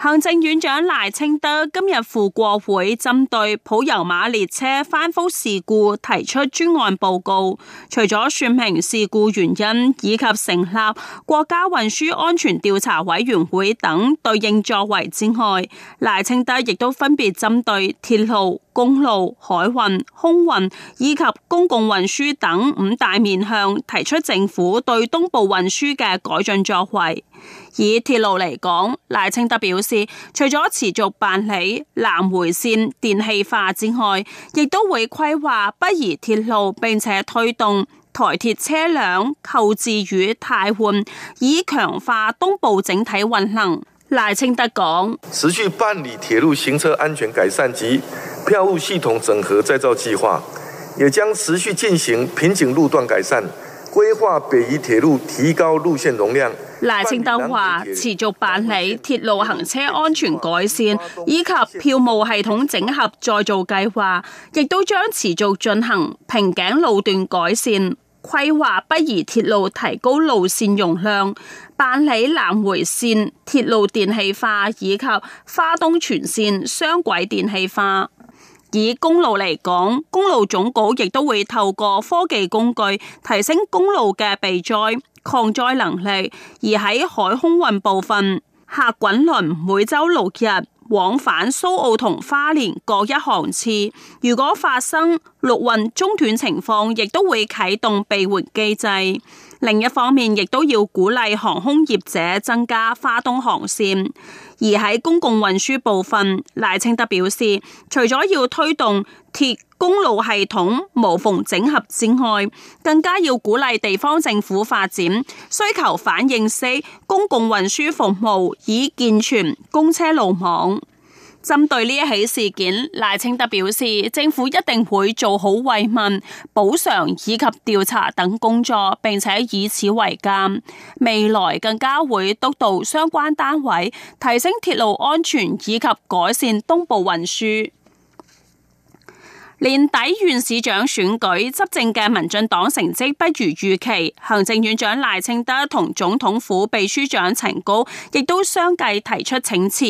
行政院長賴清德今日赴國會針對普悠瑪列車翻覆事故提出專案報告，除咗說明事故原因以及成立國家運輸安全調查委員會等對應作為之外，賴清德亦都分別針對鐵路、公路、海運、空運以及公共運輸等五大面向，提出政府對東部運輸嘅改進作為。以鐵路嚟講，賴清德表示，除咗持續辦理南回線電氣化之外，亦都會規劃北宜鐵路，並且推動台鐵車輛購置與汰換，以強化東部整體運行。賴清德講：持續辦理鐵路行車安全改善及票務系統整合再造計劃，也將持續進行瓶頸路段改善。規劃北宜鐵路，提高路線容量。賴清德話：持續辦理鐵路行車安全改善，以及票務系統整合再造計劃，亦都將持續進行瓶頸路段改善，規劃北宜鐵路提高路線容量，辦理南回線鐵路電氣化以及花東全線雙軌電氣化。以公路嚟講，公路總局亦都會透過科技工具提升公路嘅避災、抗災能力。而喺海空運部分，客滾輪每周六日，往返蘇澳同花蓮各一航次，如果發生陸運中斷情況，亦都會啟動備援機制。另一方面，亦都要鼓勵航空業者增加花東航線。而喺公共運輸部分，賴清德表示，除咗要推動鐵。公路系統無縫整合展開，更加要鼓勵地方政府發展需求反應式公共運輸服務，以健全公車路網。針對呢一起事件，賴清德表示，政府一定會做好慰問、補償以及調查等工作，並且以此為鑒，未來更加會督導相關單位提升鐵路安全以及改善東部運輸。年底縣市長選舉，執政嘅民進黨成績不如預期，行政院長賴清德同總統府秘書長陳高，亦都相繼提出請辭。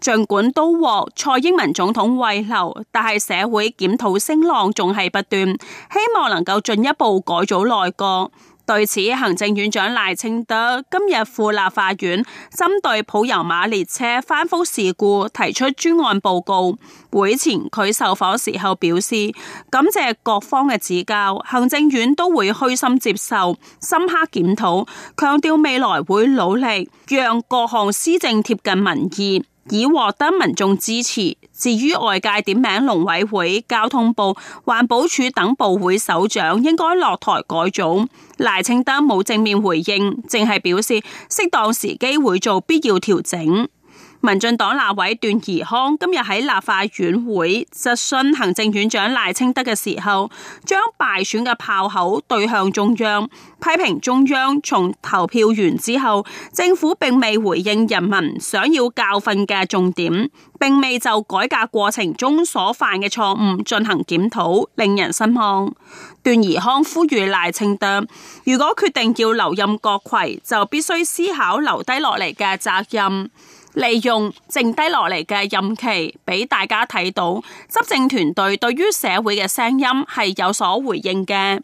盡管都獲蔡英文總統慰留，但係社會檢討聲浪仲係不斷，希望能夠進一步改組內閣。對此，行政院長賴清德今日赴立法院，針對普悠瑪列車翻覆事故提出專案報告。會前佢受訪時候表示，感謝各方嘅指教，行政院都會虛心接受，深刻檢討，強調未來會努力讓各項施政貼近民意。已獲得民眾支持。至於外界點名農委會、交通部、環保署等部會首長應該落台改組，賴清德冇正面回應，淨係表示適當時機會做必要調整。民進黨立委段宜康今日喺立法院會質詢行政院長賴清德嘅時候，將敗選嘅炮口對向中央，批評中央從投票完之後，政府並未回應人民想要教訓嘅重點，並未就改革過程中所犯嘅錯誤進行檢討，令人失望。段宜康呼籲賴清德，如果決定要留任閣揆，就必須思考留低落嚟嘅責任。利用剩低落嚟嘅任期，俾大家睇到執政團隊對於社會嘅聲音係有所回應嘅。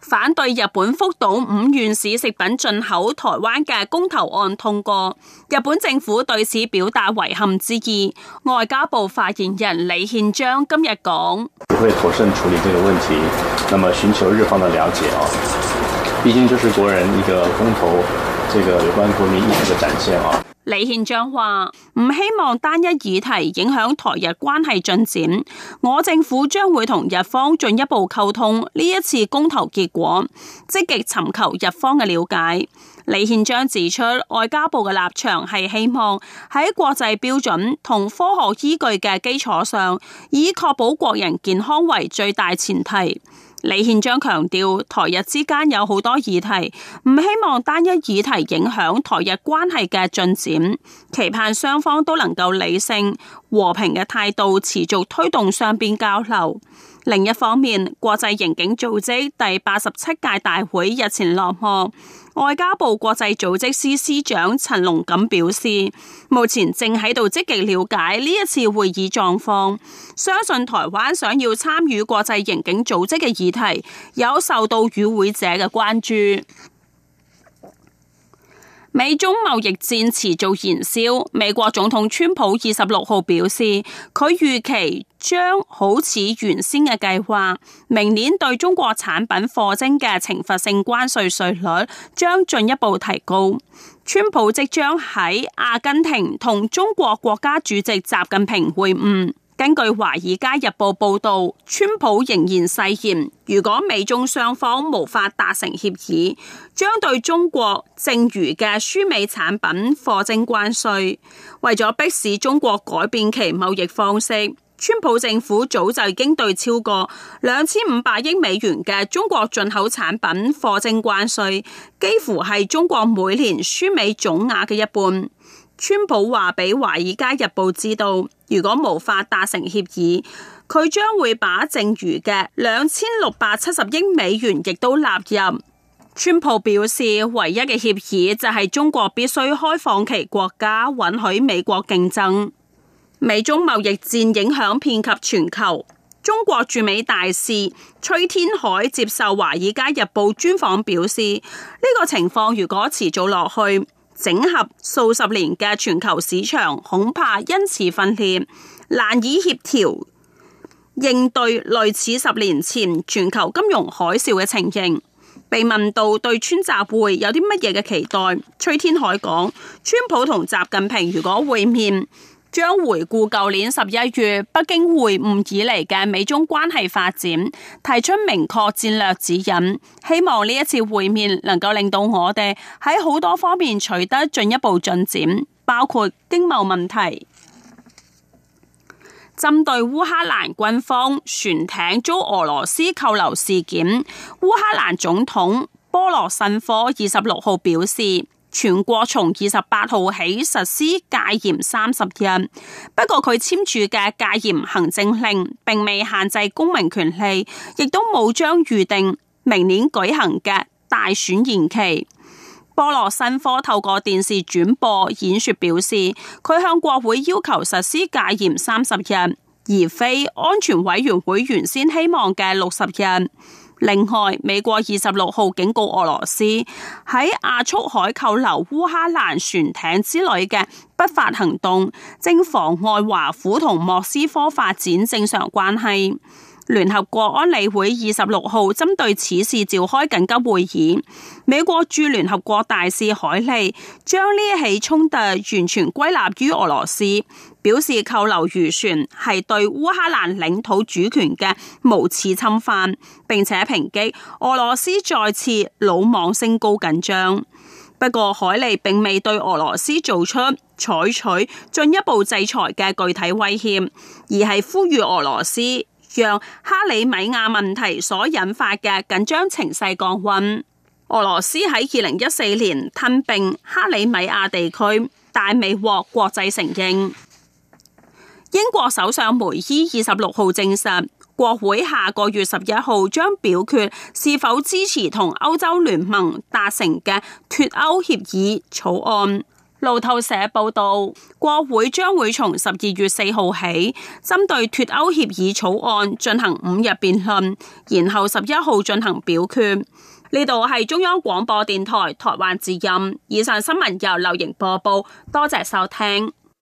反對日本福島五縣市食品進口台灣嘅公投案通過，日本政府對此表達遺憾之意。外交部發言人李憲章今日講：會妥善處理這個問題，那麼尋求日方的了解，畢竟這是國人一個公投。呢個有關國民意識嘅展現嗬。李憲章話唔希望單一議題影響台日關係進展，我政府將會同日方進一步溝通呢一次公投結果，積極尋求日方嘅了解。李憲章指出，外交部嘅立場係希望喺國際標準同科學依據嘅基礎上，以確保國人健康為最大前提。李憲章強調，台日之間有好多議題，唔希望單一議題影響台日關係嘅進展，期盼雙方都能夠理性、和平嘅態度持續推動雙邊交流。另一方面，國際刑警組織第八十七屆大會日前落幕。外交部國際組織司司長陳龍錦表示，目前正喺度積極了解呢一次會議狀況，相信台灣想要參與國際刑警組織嘅議題，有受到與會者嘅關注。美中貿易戰持續燃燒。美國總統川普二十六號表示，佢預期將好似原先嘅計劃，明年對中國產品課徵嘅懲罰性關稅稅率將進一步提高。川普即將喺阿根廷同中國國家主席習近平會晤。根據華爾街日報報道，川普仍然誓言，如果美中雙方無法達成協議，將對中國剩餘嘅輸美產品課徵關稅。為咗迫使中國改變其貿易方式，川普政府早就已經對超過兩千五百億美元嘅中國進口產品課徵關稅，幾乎係中國每年輸美總額嘅一半。川普話俾華爾街日報知道，如果無法達成協議，佢將會把剩餘嘅兩千六百七十億美元亦都納入。川普表示，唯一嘅協議就係中國必須開放其國家，允許美國競爭。美中貿易戰影響遍及全球。中國駐美大使崔天凱接受華爾街日報專訪表示，呢個情況如果持續落去。整合數十年嘅全球市場，恐怕因此訓練難以協調，應對類似十年前全球金融海嘯嘅情形。被問到對川習會有啲乜嘢嘅期待，崔天凱講：川普同習近平如果會面。將回顧舊年十一月北京會晤以嚟嘅美中關係發展，提出明確戰略指引，希望呢一次會面能夠令到我哋喺好多方面取得進一步進展，包括經貿問題。 針對烏克蘭軍方船艇遭俄羅斯扣留事件，烏克蘭總統波羅申科二十六號表示。全國從二十八號起實施戒嚴三十日，不過佢簽署嘅戒嚴行政令並未限制公民權利，亦都冇將預定明年舉行嘅大選延期。波羅申科透過電視轉播演說表示，佢向國會要求實施戒嚴三十日，而非安全委員會原先希望嘅六十日。另外，美國二十六號警告俄羅斯喺亞速海扣留烏克蘭船艇之類嘅不法行動，正妨礙華府同莫斯科發展正常關係。聯合國安理會二十六號針對此事召開緊急會議，美國駐聯合國大使海利將呢起衝突完全歸納於俄羅斯。表示扣留漁船係對烏克蘭領土主權嘅無恥侵犯，並且抨擊俄羅斯再次魯莽升高緊張。不過，海利並未對俄羅斯做出採取進一步制裁嘅具體威脅，而係呼籲俄羅斯讓克里米亞問題所引發嘅緊張情勢降溫。俄羅斯喺二零一四年吞併克里米亞地區，但未獲國際承認。英國首相梅伊二十六號證實，國會下個月十一號將表決是否支持同歐洲聯盟達成嘅脫歐協議草案。路透社報道，國會將會從十二月四號起，針對脫歐協議草案進行五日辯論，然後十一號進行表決。呢度係中央廣播電台台灣之音，以上新聞由劉瑩播報，多謝收聽。